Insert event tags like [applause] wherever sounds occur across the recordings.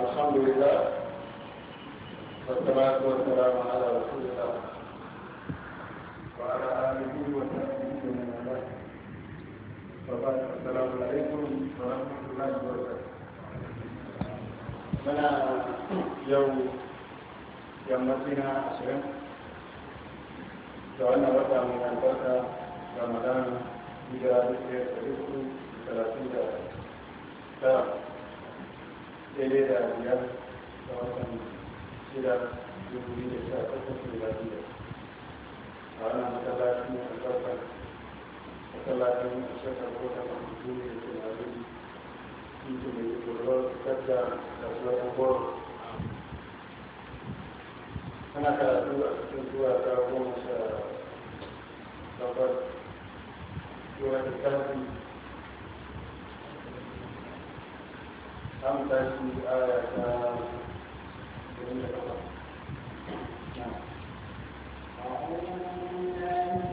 الحمد لله والصلاة والسلام على رسول الله وعلى آله وصحبه ومن والاه وبعد السلام عليكم ورحمة الله وبركاته أنا يوم يمتنا عشرين وأنا وقع من البركة رمضان إلى ذكر ثلاثين درجة نعم. daidai da biyar da watan shida dubu biyu da sha takwas da lafiya a wannan masallacin albarkar masallacin shakar kota na duniya da tunanin mai tsoron kadda da tsoron goro ana karatu a cikin zuwa ta goma sha takwas zuwa da samun tashi aya ta da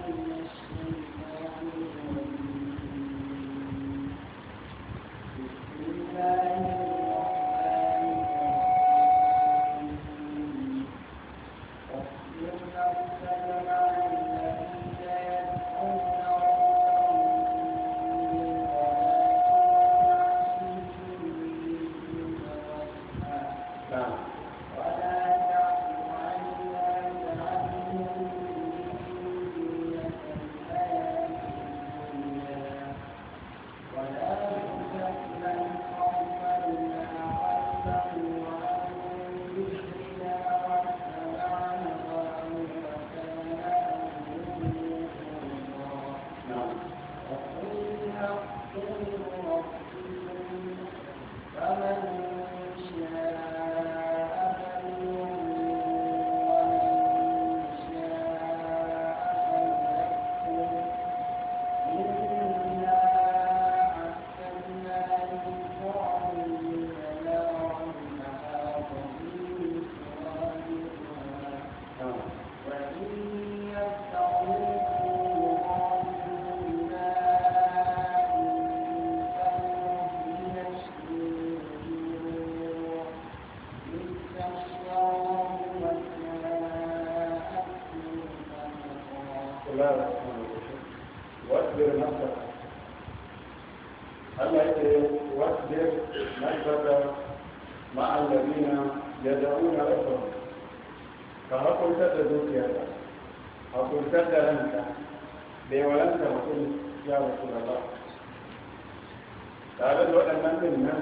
din nan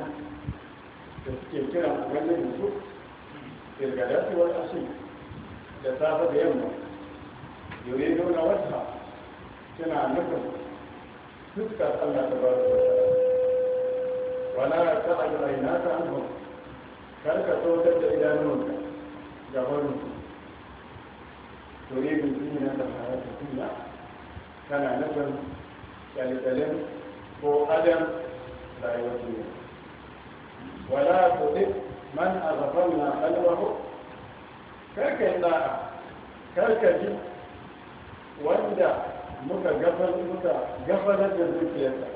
da suke kira a ganin su girgadatuwar asu da safe da yamma yoyi nuna wata suna nufin fuskar allah ta ba su wala ta ayyana na ta anhu kar ka sautar da idanun ga barin su yoyi bin jini na ta hayar da kuna kana nufin kyalitalin ko adam لا يوجد ولا تطع من أغفلنا قلبه كلك الداعة كلك جي وندا مكا غفل مكا غفلت ذكريتك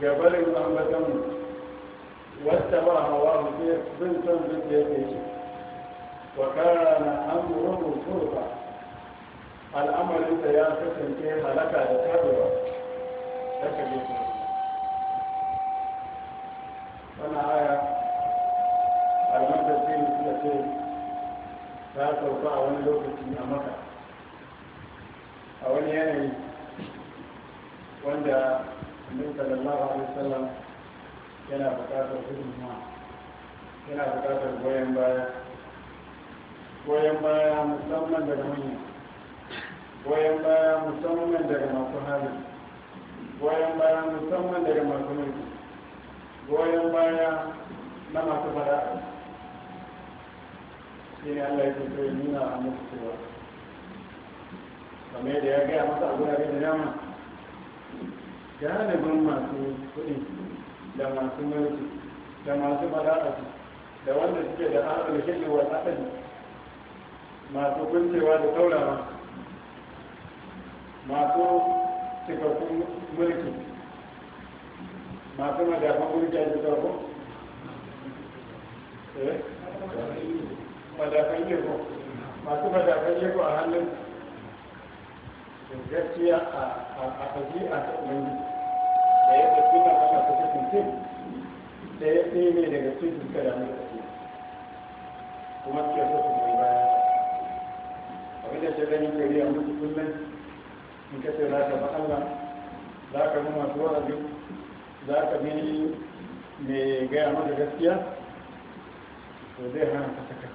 gabarin ambatanmu wata ba hawa mutu bin son zuciya ne shi wa kana amurun turba al'amarinsa ya kasance halaka da tabewa ta shige su wannan aya kalmar tafsiri suka ce ta sauka a wani lokaci a maka a wani yanayi wanda annabi sallallahu alaihi wasallam yana buƙatar hudunma yana buƙatar goyon baya goyon baya musamman daga manya goyon baya musamman daga masu hali goyon baya musamman daga masu mulki goyon baya na masu fada shi ne Allah ya so ya nuna a musu cewa kamar yadda ya gaya masa a gurare da dama galibin masu kuɗi da masu mulki da masu bala'atu da wanda suke da haɗar shigewar haɗari masu kuncewa da taurawa masu cikakkun mulki മാസം ജാപ്പം കൂടി കഴിച്ചിട്ടാക്കും madakan yabo masu madakan eh? yabo a hannun gaskiya a kaji a tsanin da ya tafi na kama ta cikin tim da ya tsaye ne daga cikin kada mai tafi kuma ke so su mai baya abin da ta gari a mutu kullum in ka za ka ba Allah za ka ga masu wa'azi za ka bi mai gaya maka gaskiya to zai hana ka saka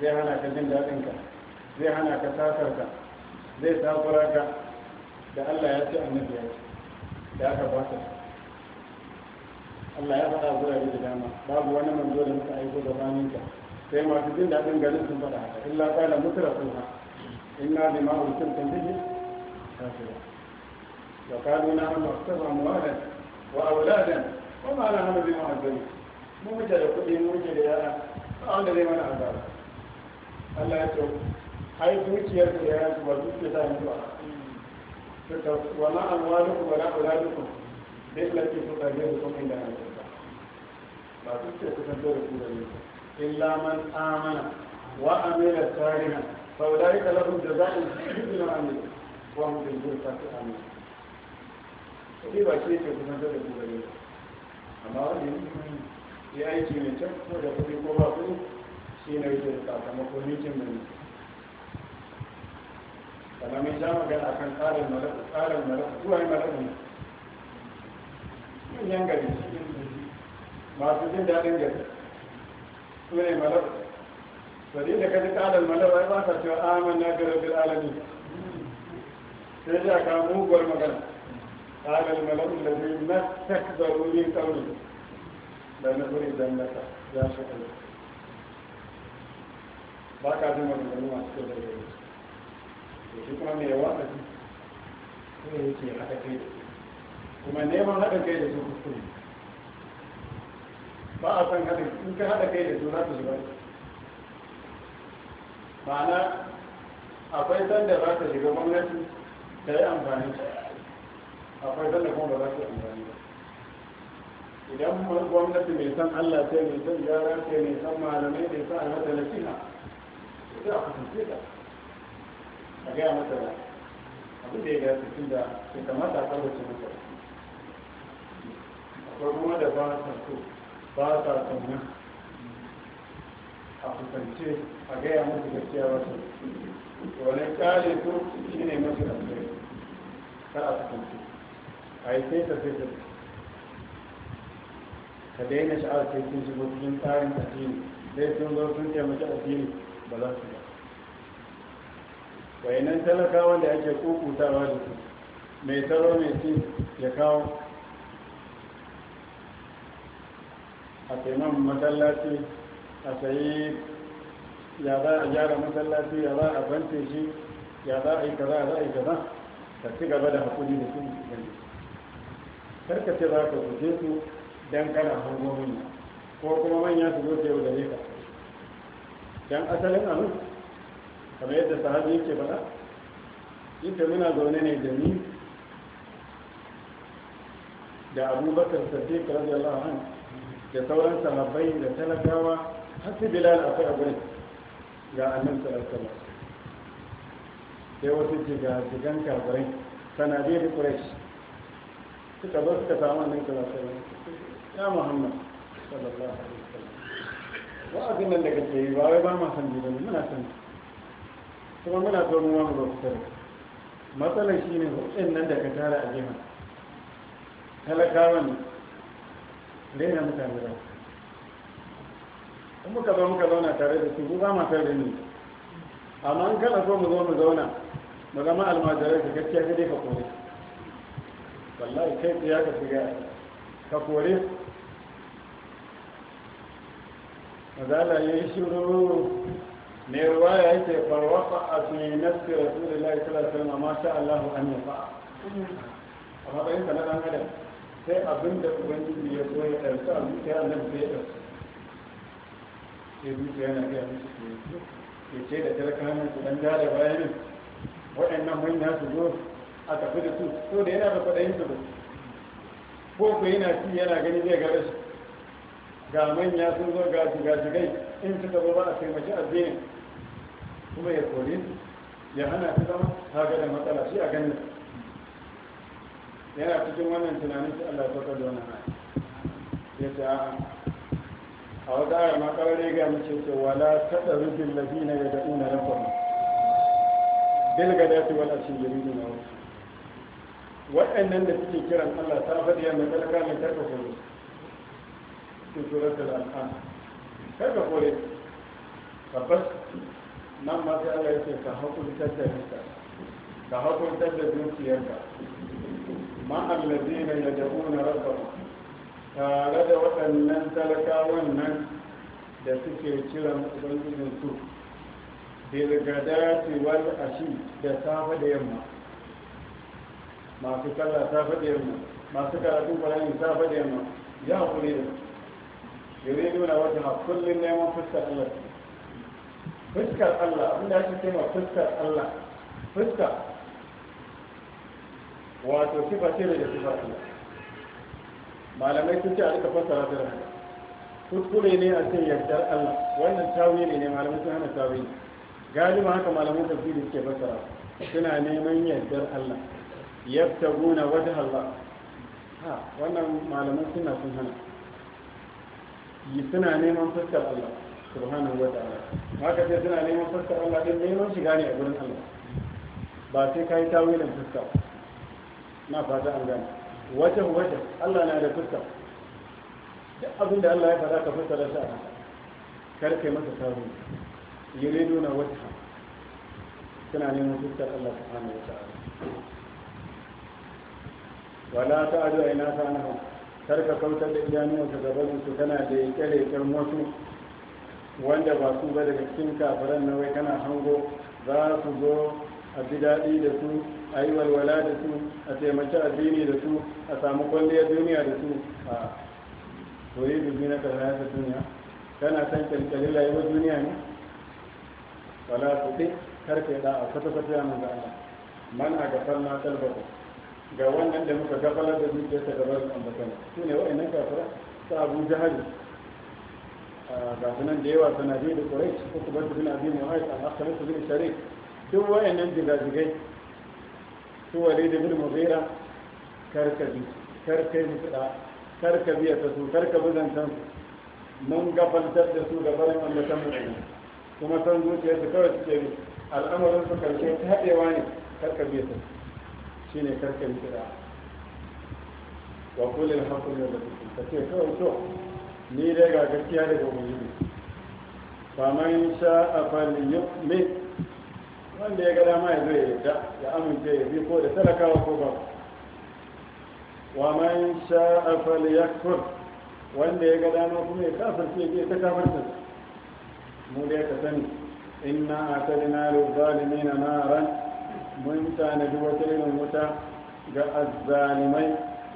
zai hana ka jin daɗinka zai hana ka tasarka zai takura ka da allah ya ce annabi ya ce da aka ba ka Allah ya faɗa gurare da dama babu wani manzo da muka aiko da ka sai masu jin daɗin garin sun faɗa haka illa qala mutrafuha inna bima ursiltum bihi kafirun wa qalu nahnu mu amwalan wa auladan wa ma ala hana bi ma azali mu da kuɗi mu muke da yara ba wanda zai mana azaba Allah ya ce ai dukiyar da yaran ku ba dukiyar ta mutuwa suka wa ma amwalukum wa la auladukum da illati tuqadirukum inda Allah ba dukiyar ku tantar da ku da ne illa man amana wa amila salihan fa ulaika lahum jazaa'un bi ma amilu wa hum bi dhikri amin sai ba shi yake kusan da ku gare amma wanda ya yi ya aiki mai can ko da kuɗi ko ba kuɗi shi ne yake da sakamako nikin mai sannan mun ja magana a kan tsarin malaka tsarin malaka zuwa yi malaka ne manyan gari masu jin daɗin gari su ne malaka sadi da kaji tsarin malaka ai ba sa cewa amanna bi rabbil alamin sai ja ka muguwar magana قال الملأ الذين ما استكبروا من قومه لنخرجنك يا شقي baka jin maganganu masu kyau da yau da shi kuma mai yawa a ji kuma yake haɗa kai da su kuma neman haɗa kai da su kuskure ba a san haɗa in ka haɗa kai da su za su shiga ma'ana akwai sanda za ta shiga gwamnati ta yi amfani da akwai kuma ba za su amfani idan gwamnati mai san allah sai mai san gyara sai mai san malamai mai san alhada na fiha sai a kusance ta a gaya mata da abin da ya gaya cikin da ya kamata a karbace mata akwai kuma da ba sa so ba sa sannan a kusance a gaya musu gaskiya ba su wani kare su shi ne masu alheri kar a kusance a yi sai tafi da ka daina sha'awar sai sun shigo cikin tsarin addini sai sun zo sun taimaki addini ba za su ba wayannan talaka wanda ake kukutawa da su mai taro mai ci ya kawo a taimakon masallaci a sayi ya za a gyara masallaci ya za a bance shi ya za a yi kaza ya za a yi kaza ka ci gaba da haƙuri da su karka ce za ka guje su don kana hango manya ko kuma manya su zo yau da ka don asalin anu kamar yadda sahabi yake faɗa ita muna zaune ne da ni da abubakar sadiq radiyallahu anhu da sauran sahabbai da talakawa har su bilal akwai a gurin ga annan sallallahu sai wasu jiga jigan kafirai sanadiyar quraish suka bar suka samu annabi sallallahu sai ya muhammad sallallahu alaihi wasallam wa'azin nan da kake yi ba wai ba ma san gidan muna san kuma muna so mu ma mu ba matsalar shi ne hukun nan da ka tara a jima talakawan rena mutane ba in muka zo muka zauna tare da su ba ma tare da ni amma in kana so mu zo mu zauna mu zama almajirai da gaskiya sai dai ka kore wallahi kai tsaye ka shiga ka kore mazala ya yi shiru ne ruwa ya yake farwaka a tuni na sallallahu alaihi ma sha Allah an yi fa a matsayin ka na dan adam sai abin da ubangiji ya so ya ɗarsa a zuciya nan sai ya sai zuciya na gaya musu ke ce da talakanin su ɗan dada bayanin waɗannan manya su zo a tafi da su so da yana da kwaɗayin su ko ku yana ci yana gani zai gare shi ga manya sun zo ga shigai in su zo ba a taimaki addinin kuma ya kori ya hana su zama haka da matsala shi a ganin yana cikin wannan tunanin su Allah ta saukar na. ya ce a a wata ayar ma kawai ga mace ce wala taɗa rufin lafi na yadda da'una na faru bilga da ta wala shi yiri na wasu waɗannan da suke kiran Allah ta faɗi yadda talaka ne karka kore su turar da al'an karka kore tabbas nan ma sai Allah ya ce ka hakurtar da rinka ka hakurtar da dukiyarka ma allazina yad'una rabbahum tare da waɗannan talakawan nan da suke kiran ubangijin su bil gadati wal ashi da safa da yamma masu kalla ta faɗi yamma masu karatu bayani ta faɗi yamma ya hakuri da ya zai nuna wajen a kullum neman fuskar Allah fuskar Allah abinda ake ce ma fuskar Allah fuska wato sifa ce da sifa ce malamai sun ce a rika fassara da rana kuskure ne a ce yardar Allah wannan tawili ne ne, malamai sun hana tawili galiba haka malamai tafsiri suke fassara suna neman yardar Allah yabtaguna wajh Allah ha wannan malaman suna sun hana yi suna neman fuskar Allah subhanahu wa ta'ala haka sai suna neman fuskar Allah din neman shiga ne a gurin Allah ba sai kai tawilin fuskar na fata an gane wajh wajh Allah na da fuskar duk abin da Allah ya faɗa ka fuskar shi a haka kar kai masa tawili yuriduna wajha suna neman fuskar Allah subhanahu wa ta'ala wala ta adu a ina sanahu kar ka kauta da idanuwanka gaban su kana da yake-yaken wasu wanda ba su ba daga cikin kafiran na wai kana hango za su zo a ji daɗi da su a yi walwala da su a taimaki addini da su a samu kwalliyar duniya da su a koyi dubi na ta duniya kana san kyalkyali layuwar duniya ne wala su ɗi karfe da a kwata-kwata ya Allah? man a gafar na talbata ga wannan da muka gabalar da ta zuciyarsa da barin ambatan su ne wa'annan kafira ta abu jahali ga nan da yawa sana biyu da kurai ba bar bin abin mu'ayt al-akhir su bin sharik duk wa'annan jigajigai su wale da bin mughira karkabi karkai musu da karkabi ta su karkabi zantan su mun gabalar da su da barin ambatan mu'ayt kuma san su kawai suke al'amarin su karshe ta haɗewa ne karkabi ta su shine ne yi kira wa kullu da su ka ce kawai to ni dai ga gaskiya daga sha a sha'a falyu'min wanda ya ga dama ya zo ya yadda, ya amince ya bi ko da talakawa ko ba wa man sha'a falyakfur wanda ya ga dama kuma ya ce ya ta ta mu dai ka sani inna atalina lil zalimin naran mun tanadi wata irin wuta ga azzalimai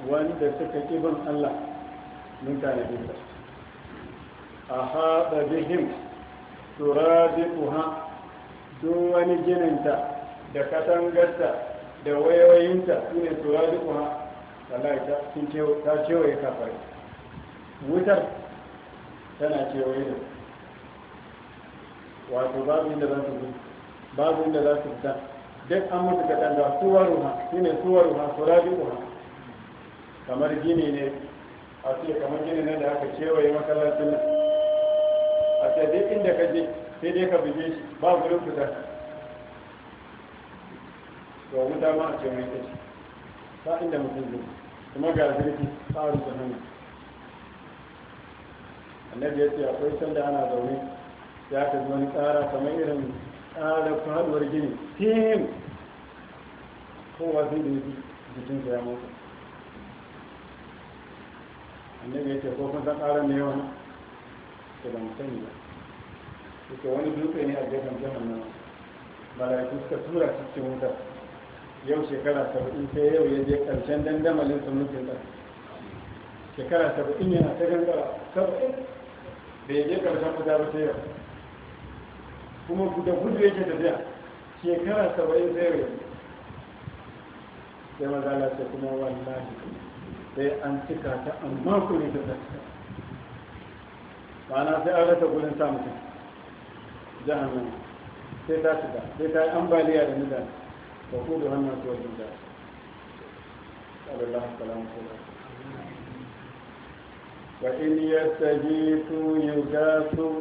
wanda suka ƙi Allah mun tanadi wuta a haɗa bihim uha, duk wani gininta da katangarta da wayoyinta su ne turabiquha wallahi ta ya kafare wutar tana cewa yi wato babu inda za su babu inda za su fita duk an mutu katanga suwaruha shine suwaruha surabi'uha kamar gini ne a ce kamar gini ne da aka kewaye masallacin nan a ce duk inda ka je sai dai ka buje shi ba gurin fita to wuta ma a ce mai ta ba inda mutum zai kuma ga zirki tsarin rufe hannu annabi ya ce akwai sanda ana zaune ya ka zo ni tsara kamar irin da haduwar gini tim kowa sai da yi jikin ya mutu annabi ya ce ko kun san ƙarar ne yawan ke da musani ba ke wani dutse ne a gefen bala ya suka tura cikin wuta yau shekara saba'in sai yau ya je ƙarshen dandamalin sun mutu ɗan shekara saba'in yana ta gangara saba'in da ya je ƙarshen fita ba sai yau kuma da gudu yake tafiya shekara saba'in zai rai sai maza Allah kuma wallahi sai an cika ta amma ku ne ta tafiya ma'ana sai an rasa gudun sa mutum jahannan sai ta cika sai ta yi ambaliya da nida ba ku da hannun su wajen da Allah salamu alaikum وإن يستجيثوا يغاثوا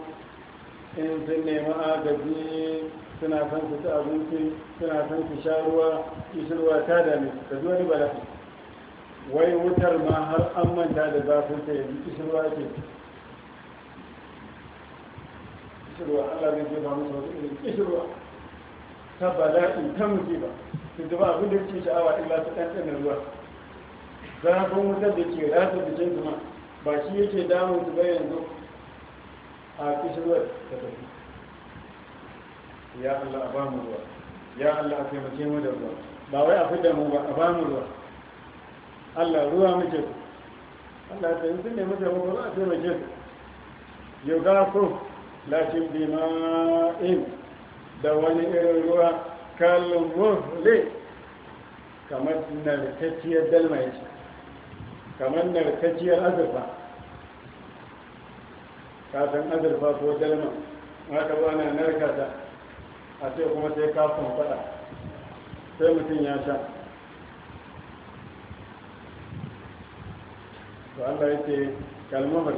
in sun nemi agaji suna son su ci abinci suna son su sha ruwa kishirwa ta dame su ka ji wani bala'i wai wutar ma har an manta da zafin ta yanzu kishirwa ke kishirwa Allah zai ba mu wasu da kishirwa ta bala'i ta musiba su zuba abin da ke sha'awa illa ta ɗanɗanin ruwa zafin wutar da ke rasa jikin kuma ba shi yake damun su ba yanzu a kishirwar ta tafi ya Allah a bamu ruwa ya Allah a taimake mu da ruwa ba wai a fidda mu ba a bamu ruwa Allah ruwa muke ku Allah ya tsayin sun nemi taimako ba a taimake ku yau ga ku lakin bima'in da wani irin ruwa kallon muhli kamar narkakiyar dalma yake kamar narkakiyar azurfa ka san azurfa ko dalma ma ka ba na narka ta a sai kuma sai ka fada sai mutum ya sha to Allah yake kalmar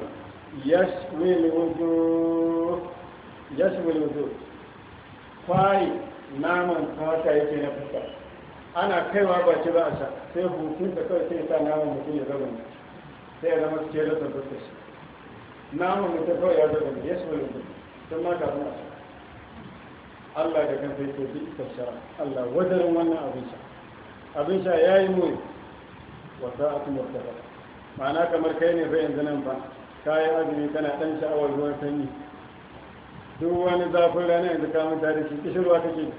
yashmil wudu yashmil wudu kwai naman fata yake na fuska ana kaiwa ba ce ba a sha sai hukunta da kawai sai sa naman mutum ya zama sai ya zama cikin rasar fuskar shi namun da ta kawai ya zaɓa ne ya soya ne sun ma kafin a Allah da kan sai ke ita shara, Allah wajen wannan abin sha abin sha ya yi muni wata a kuma ta ma'ana kamar kai ne fa yanzu nan ba yi azumi kana ɗan sha'awar ruwan sanyi duk wani zafin rana yanzu ka tarihi, da shi kishirwa kake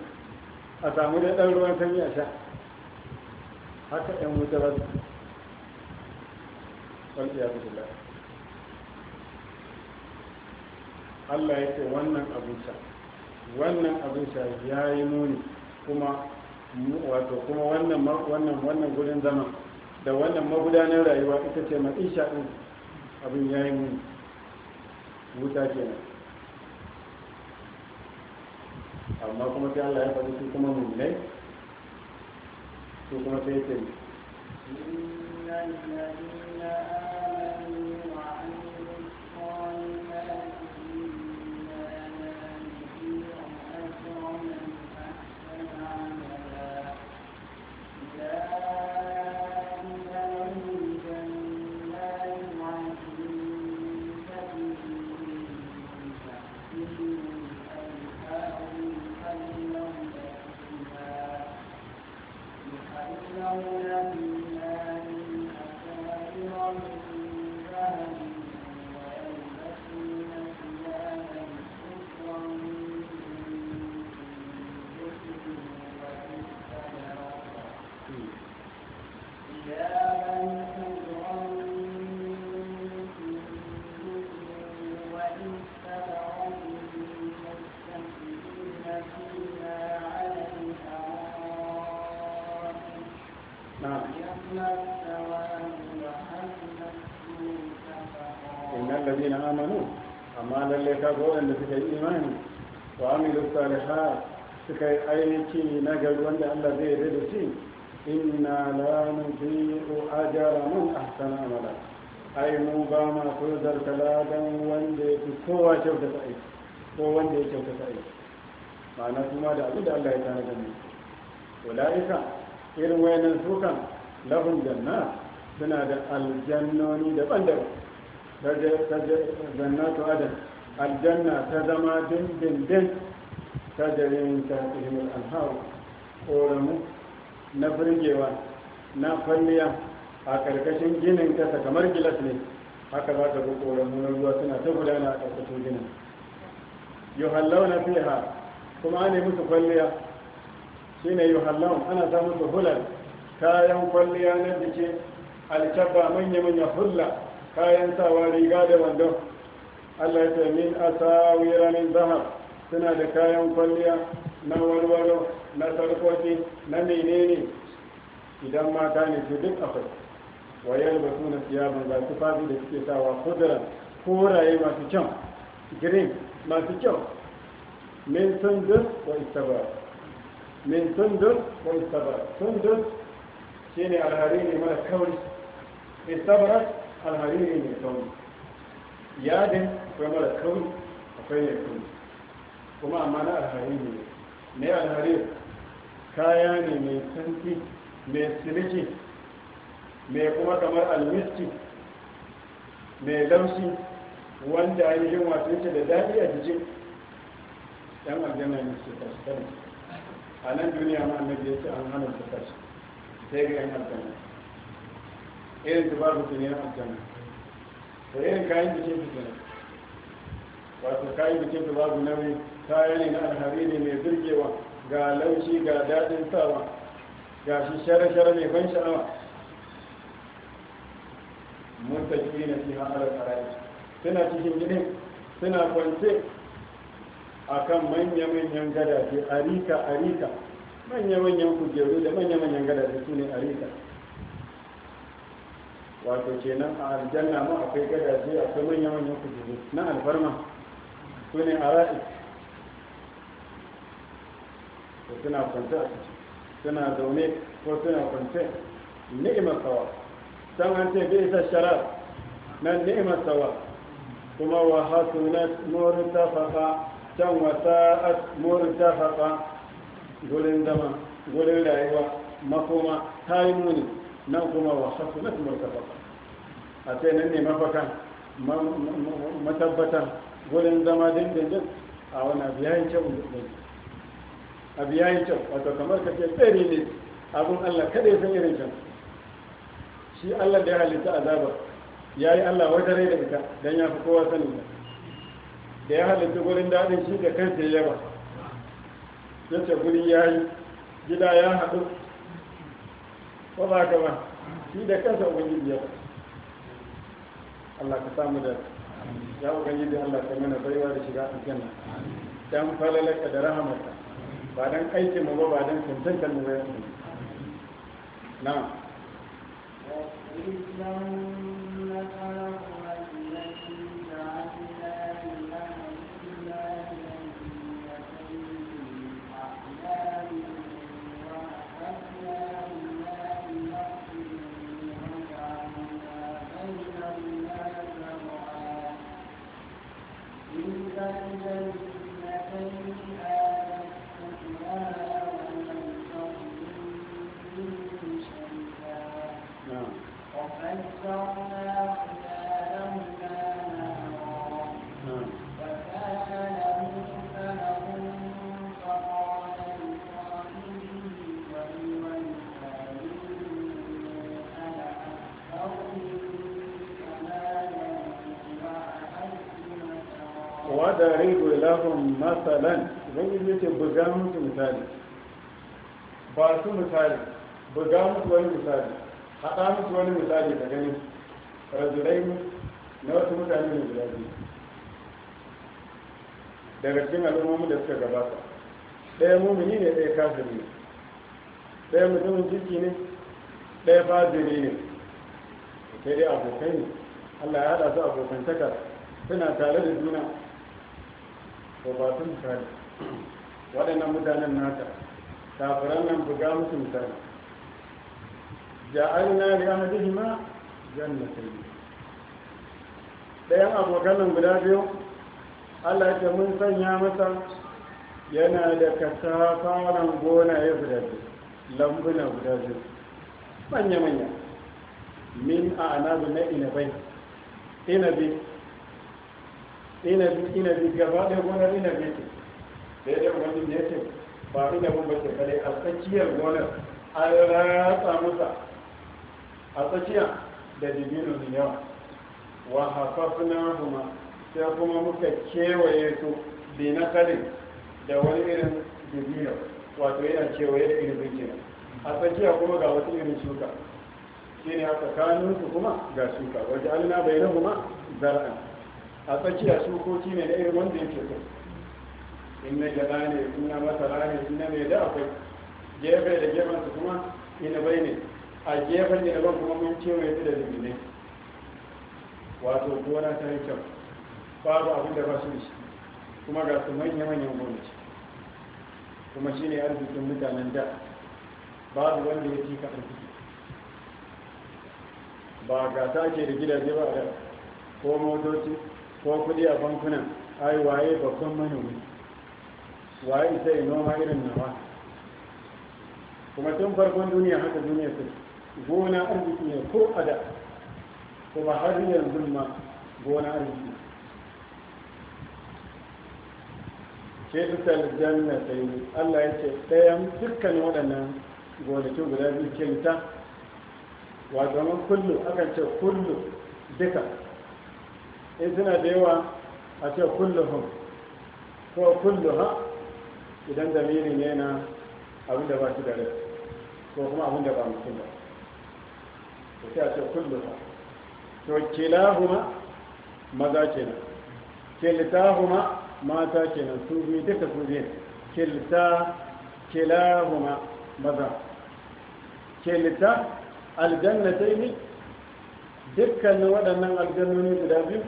a samu da ɗan ruwan sanyi a sha haka ƴan wuta ba su ƙwalƙiya su allah ya ce wannan abinsa wannan abinsa ya yi muni kuma wato kuma wannan wannan wannan gudun zama da wannan magudanar rayuwa ita ce ma ma'isha din abin ya yi muni wuta nan amma kuma sai allah ya faɗi su kuma mummai su kuma sai ya ce Ka ga waɗanda suka yi imani wa amilu salihat suka yi aiki na gari wanda Allah zai yarda da shi inna la jara mun a ahsana amala ai mu ba ma so zarta ladan wanda ya fi kowa kyautata sa'i ko wanda ya kyautata aiki ma'ana kuma da abin da Allah ya tana da mu ulaika irin wayannan sukan lahum janna suna da aljannoni daban-daban jannatu adam aljanna ta zama dindindin ta jarin ta ilimin alhawu ƙoramu na birgewa na kwalliya a ƙarƙashin ginin kasa kamar gilas ne haka za ta ƙoramu na ruwa suna ta gudana a ƙarƙashin ginin yohallau na fiha kuma ana musu kwalliya shi ne yohallau ana sa musu hular kayan kwalliya na jiki alkyabba manya-manya hulla kayan sawa riga da wando Allah ya min asawira min zahab suna da kayan kwalliya na warwaro na sarkoki na menene idan mata ne su duk akwai wayar ba suna siyaban ga tufafi da suke sawa kudura koraye masu kyau green masu kyau min sundus wa istaba min sundus wa istaba sundus shine ne mara kauri istaba alhari ne kauri yadin akwai mara kawai akwai ne kauri kuma amma na alhari ne ne alhari kaya ne mai santi mai siliki mai kuma kamar almisti mai laushi wanda ya yunwa sun yake da daɗi a jikin ɗan aljanna ne su kashi kan a nan duniya ma annabi ya ce an hana su kashi sai ga yan aljanna irin tubar mutum yan aljanna ko irin kayan jikin su kenan wato kayi bikin da babu nauyi kaya ne na alhari ne mai birgewa ga laushi ga daɗin sawa ga shi shara-shara mai ban sha'awa mutaki na fi ha'ar tsarari suna cikin gidan suna kwance a kan manya-manyan gadaje arika-arika manya-manyan kujeru da manya-manyan gadaje su ne arika wato kenan a aljanna ma akwai gadaje akwai manya-manyan kujeru na alfarma su ne hara'i ko suna kwanta suna zaune ko suna kwanta ni'imar sawa san an ce bai isa sharar nan ni'imar sawa kuma wa na morin tafafa can wa morin tafafa gulin zama gulin rayuwa makoma ta yi muni nan kuma wa na morin tafafa a ce nan ne mafakan matabbatan gudun zama dindindin a wani abu yayin kyau ne abu yayin kyau wato kamar ka ce tsere ne abin allah kada ya san irin can shi allah da ya halitta azaba ya yi allah wata rai da ita don ya fi kowa sanin da ya halitta gurin daɗin shi da kansa ya yaba ya ce gudun ya yi gida ya haɗu ko ba ka ba shi da kansa ubangiji ya Allah ka samu da ya ubangiji Allah kai mana baiwa da shiga aljanna dan falalaka da rahamarka ba dan aiki mu ba ba dan tantankan mu ba wadaribu lahum masalan zai yi ce buga musu misali ba su misali buga musu wani misali haɗa musu wani misali da ganin rajulai na wasu mutane ne guda biyu daga cikin al'ummomi da suka gabata ɗaya mumini ne ɗaya kafiri ne ɗaya mutumin ciki ne ɗaya fajiri ne sai dai abokai ne allah ya haɗa su abokantaka suna tare da juna ko ba su misali waɗannan mutanen nata kafiran nan buga musu misali ja'alna li ahadihima jannatayn ɗayan abokan nan guda biyu Allah ya mun sanya masa yana da kasafaran gona ya guda biyu lambuna guda biyu manya-manya min a anabu na inabai inabi inabi inabi gaba ɗaya gonar inabi ce Sai ya wani ne ce ba inabin ba ce kare a tsakiyar gonar an ratsa musa a tsakiya da dibino da yawa wa hafafna kuma sai kuma muka kewaye su bi kalin da wani irin dibino wato yana kewaye da irin kenan a tsakiya kuma ga wasu irin shuka shi ne a tsakaninsu kuma ga shuka wajen alina bai na kuma zar'an a tsakiya shukoki ne da irin wanda yake so in na gyaɗa ne in na masara ne in na mai da akwai gefe da gefen su kuma ina bai ne a gefen gidaban kuma mun ce mai da zubinai wato gona ta yi kyau babu abin da ba su da shi kuma ga su manya-manyan gonaki kuma shi ne arzikin mutanen da babu wanda ya fi ka arziki ba ga ta ke da gidaje ba da ko motoci ko kudi a bankunan ai waye babban manomi waye sai noma irin nawa kuma tun farkon duniya haka duniya sai gona arziki ne ko a da kuma har yanzu ma gona arziki ce su taljanna na yi allah ya ce ɗayan dukkan waɗannan gonaki guda biyu ta wato man kullu akan ce kullu duka in eh, suna da yawa a ce kulluhum ko kulluha idan zamiri ne na abinda ba shi da rai ko kuma abinda ba mutum ba to sai a ce to kilahuma maza kenan kiltahuma mata kenan su biyu duka su biyu kilta kilahuma maza kilta aljannatai ne dukkanin waɗannan aljannoni guda biyu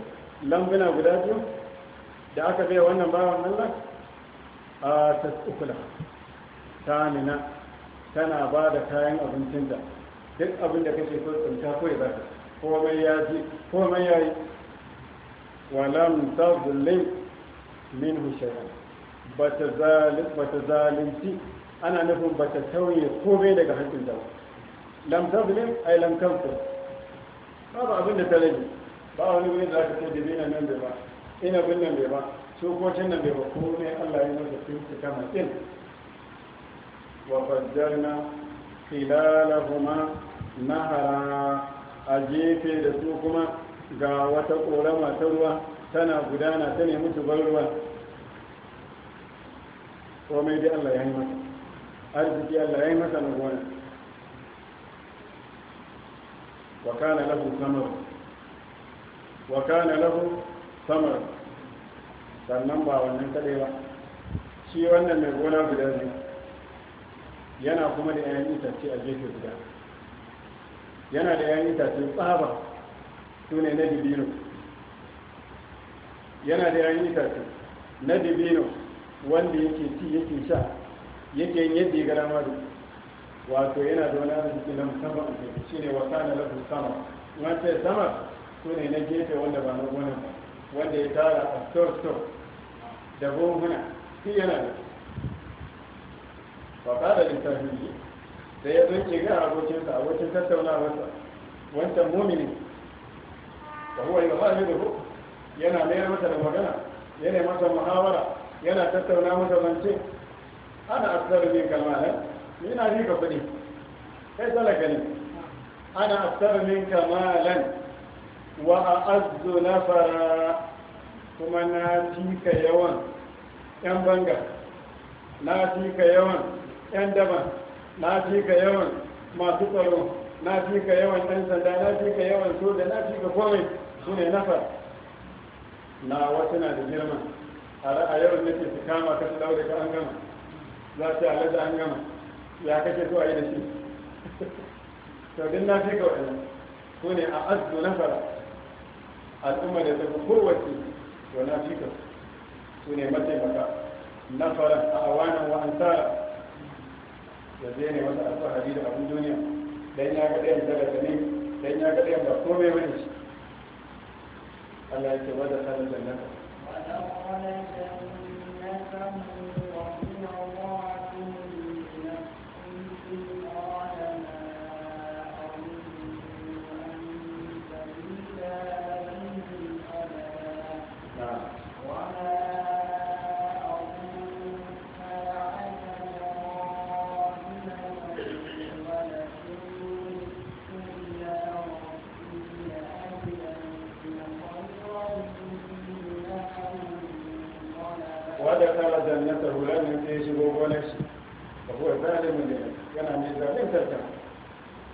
lambuna guda biyu da aka biya wannan bawan Allah a tasukula ta nina tana ba da kayan abincinta duk abin da kake so tsinta ko za ka komai ya ji komai ya yi walam ta zullim min hushara ba ta zalunci ana nufin bata tauye komai daga hancin ta lam ta ay lam kamfa babu abin da ta ba wani wani za ka ce da bina nan da ba ina bin nan da ba su ko can nan da ba komai allah ya nuna cikin cikin kama din wa fajjarna خلالهما nahara a jefe da su kuma ga wata korama ta ruwa tana gudana ta ne mutu bar ruwa komai bi Allah ya yi masa arziki Allah ya yi masa na gona wa kana lahu samar wa lahu samar sannan ba wannan kadai ba shi wannan mai gona guda ne yana kuma da yanayin itace a jefe guda yana da yayin itacen tsaba su ne na dibino yana da yayin itacen na dibino wanda yake ci yake sha yake yin yadda ya gara maru wato yana da wani arziki na musamman a gefe shi ne wata na lafi sama Wancan sama su ne na gefe wanda ba na gona ba wanda ya tara a store da buhuna shi yana da faɗa da littafin sai ya zo ke ga abokinsa abokin tattaunawarsa wancan mumini da huwa yi ba da ko yana mayar masa da magana yana masa muhawara yana tattauna masa zance ana asar min kamalan yana eh? ni ka kuɗi kai talaka ne ana asar min kamalan eh? wa a na fara kuma na ka yawan yan banga na ka yawan yan daban na fi ka yawan masu tsaro na fi ka yawan ɗan sanda na fi ka yawan soja na fi ka komai su ne nafa na wasu na da girma a ra'ayar ke su kama ka su daure ka an gama za su yi da an gama ya kake so a yi da shi Saurin [laughs] na fi ka waɗannan su ne a azu nafara al'umma da tafi kowace wa na fi ka su ne mataimaka nafara a awanan wa ya zai ne masa alfahari da abin duniya dan ya ga ɗayan daga ne dan ya ga ɗayan ba komai wani shi Allah ya ce wa da sanin jannata wa jannata wa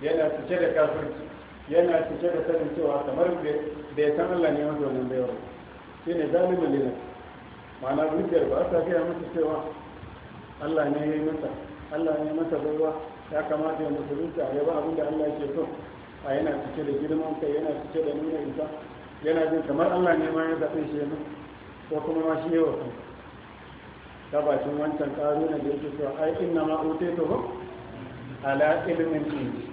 yana cike da kafirci yana cike da sanin cewa kamar bai san Allah ne masa wannan bayar shi ne zalimin lillah ma'ana zuciyar ba ta gaya masa cewa Allah ne ya yi masa Allah ne masa baiwa ya kamata ya musulunci ya ba abin da Allah ke so a yana cike da girman kai yana cike da nuna isa yana jin kamar Allah ne ma ya zaɓe shi yana ko kuma ma shi yawa kan shi wancan ƙaruna da yake cewa ai inna ma ute to ala ilmin inji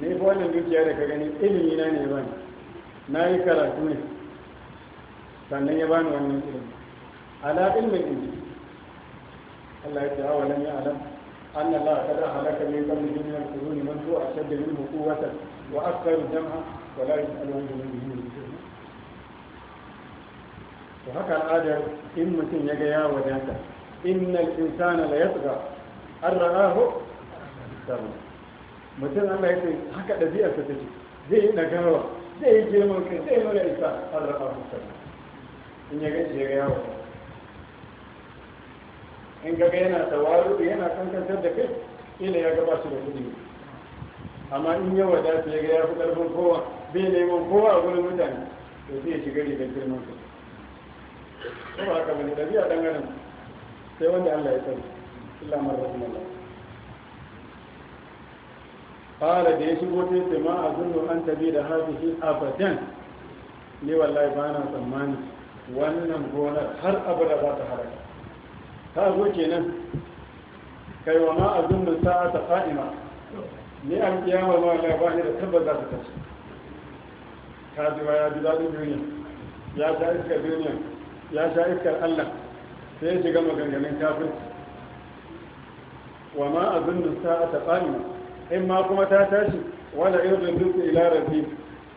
ne fa wannan dukiya da ka gani ilimi na ne bani na yi karatu ne sannan ya bani wannan ilimi ala ilimin inji Allah ya ce hawa lam ya'lam an Allah ka da halaka min qabl dunya al-quruni man zu'a ashadd min quwwatan wa yi akthar jam'a wa la yas'alu an min dunya Ko haka al'ada in mutum ya ga yawo da ta innal insana la yatgha arrahu tabu mutum Allah ya ce haka biyar ta ce zai yi nagarwa zai yi girman kai zai yi isa a rafa musa in ya gaji ya ga yawa in gaga yana tawaru yana kankantar da kai ila ya gaba shi da kudi amma in ya wadata ya ga ya fi ƙarfin kowa bai neman kowa a gurin mutane to zai shiga da girman kai kuma haka bane ɗabi'a ɗan sai wanda Allah ya sani illa man fara da ya shigo ta yace ma azunnu an tabi da hadhihi abadan ni wallahi ba na tsammani wannan gonar har abada ba ta haraka. ta zo kenan kai wa ma Sa'a sa'ata qa'ima ni an kiyama ma Allah ba ni da tabbata za ta tashi ka ji ya ji dadin duniya ya sha iskar duniya ya sha iskar Allah sai ya shiga maganganun kafin wa ma Sa'a sa'ata qa'ima in ma kuma ta tashi wala irin duk ila fi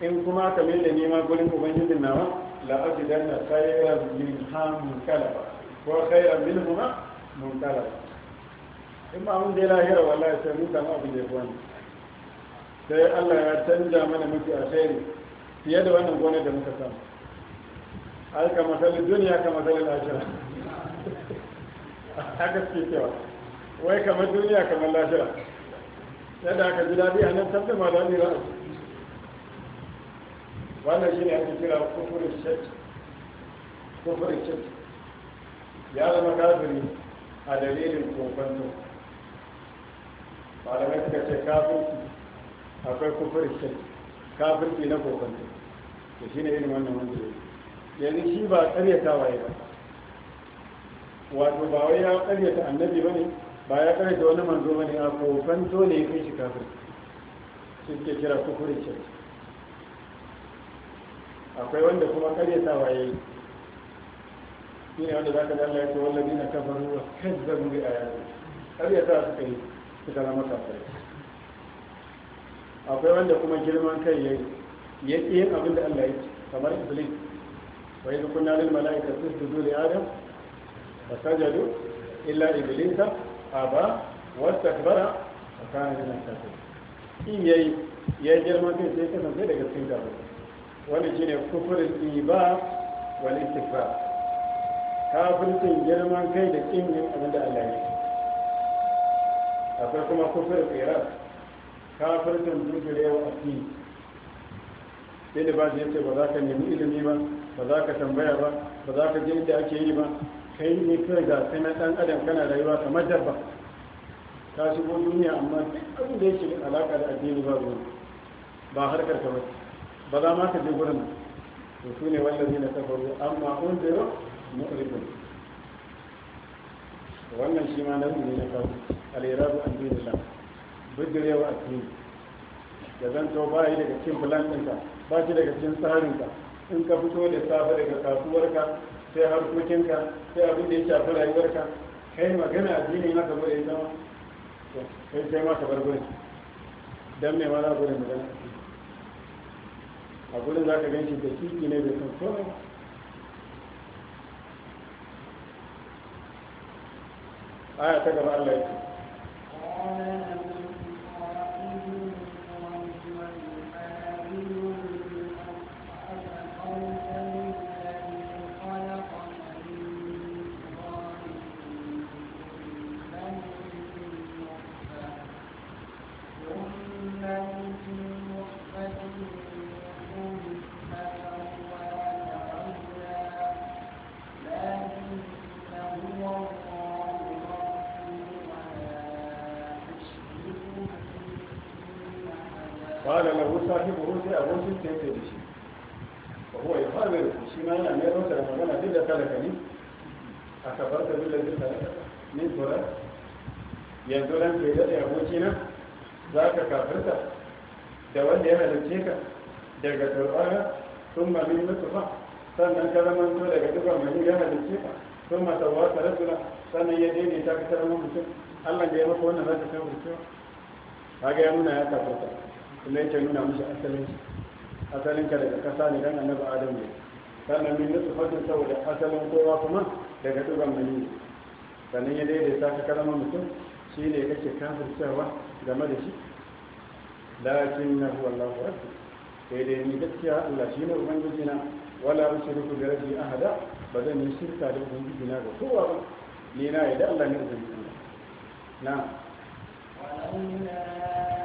in kuma ka mille nema gurin ubangijin nawa la ajidanna khayran min kala, kalaba kai a min huma mun kalaba in ma mun dai lahira wallahi sai mun samu abin da ya sai Allah ya canja mana miki ne, fiye da wannan gonar da muka samu ai ka masalin duniya ka masalin ashira haka suke cewa wai kamar duniya kamar lashira yadda aka ji daɗi a nan tafi ma daɗi ba wannan shi ne ake kira kufurin shakki kufurin shakki ya zama kafiri a dalilin kofanto malamai suka ce kafirki akwai kufurin shakki kafirki na kofanto da shi ne irin wannan wanda ya yanzu shi ba ƙaryata waye ba wato ba wai ya ƙaryata annabi ba ne ba ya kare da wani manzo bane a kofanto ne kai shi kafir suke kira kufuri ce akwai wanda kuma karyatawa ya yi shi ne wanda za ka dalla ya ce wallabi na kafaru wa kazzan bi a yanzu ta suka yi suka zama kafirai akwai wanda kuma girman kai ya yi ya ƙi yin abin da allah ya ce kamar iblis wa yi zukunan lil mala'ika su su zuri adam sajadu illa iblisa aba wasta kibara a kanan yana kafin in ya yi ya yi girman kai sai kasance daga cikin gaba wani shine kufurin iba wani tifa kafin girman kai da kin yin abin da Allah ne akwai kuma kufurin qiras kafircin bujurewa a fi sai da ba zai ce ba za ka nemi ilimi ba ba za ka tambaya ba ba za ka je inda ake yi ba kai ne kai ga sai na ɗan adam kana rayuwa kamar dabba ta shigo duniya amma duk abin da yake da alaƙa da addini ba ruwa ba harkar ka bace ba za ma ka je gurin to su ne wanda zai na tafaru amma un da yau wannan shi ma na ne na kawo al'irabu addini la bijirewa addini da to ba yi daga cikin filan ɗinka ba shi daga cikin tsarinka in ka fito da safe daga kasuwarka sai harkokinka sai abin da ya shafi rayuwarka kai magana addini maka bude ita zama kai sai ma bar gurin dan mai ma za da magana a gurin za ka ganshi da kiki ne da san komai aya ta gaba Allah ya ce huwa ya fara da shi ma yana mai masa da magana duk da talaka ne a kafar da duk da duk talaka ne tura yanzu ran ke daɗe aboki na za ka kafirta da wanda ya halarce ka daga turbana sun ma min mutufa sannan ka zama to daga duk wani ya halarce ka sun ma tawa ta rasula sannan ya daidaita ta tarar mutum allah ya maka wannan za ka tarar mutum kaga ya nuna ya kafirta kuma ya nuna mishi asalin shi asalinka daga kasa ne dan annabi adam ne sannan min nutfatin saboda asalin kowa kuma daga dugan mani sannan ya daidaita ka karama mutum shi ne kake kafircewa game da shi lakin na huwa Allah rabbi sai dai ni gaskiya Allah shi ne ubangiji na wala ushriku bi rabbi ahada ba zan yi shirka da ubangiji na ga kowa ba ni na yadda Allah ne ubangiji na na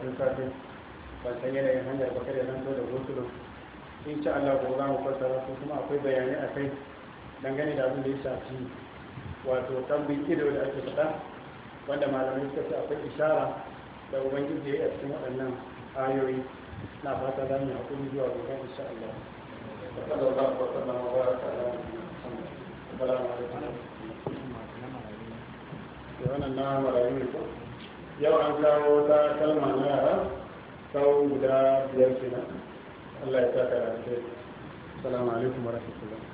tun safe ban san yanayin hanyar ba kada zan zo da rusulun insha Allah gobe za mu fassara su kuma akwai bayanai a kai dangane da abin da ya shafi wato tambin ido da ake faɗa wanda malamai suka ce akwai ishara da ubangiji ya yi a cikin waɗannan ayoyi na fata za mu haƙuri zuwa gobe insha Allah. وصلى الله وسلم وبارك على نبينا محمد السلام عليكم. يوانا نعم على يومكم. yau an kawo wata kalma na yara sau guda biyar kenan Allah ya saka da alheri assalamu alaikum wa rahmatullah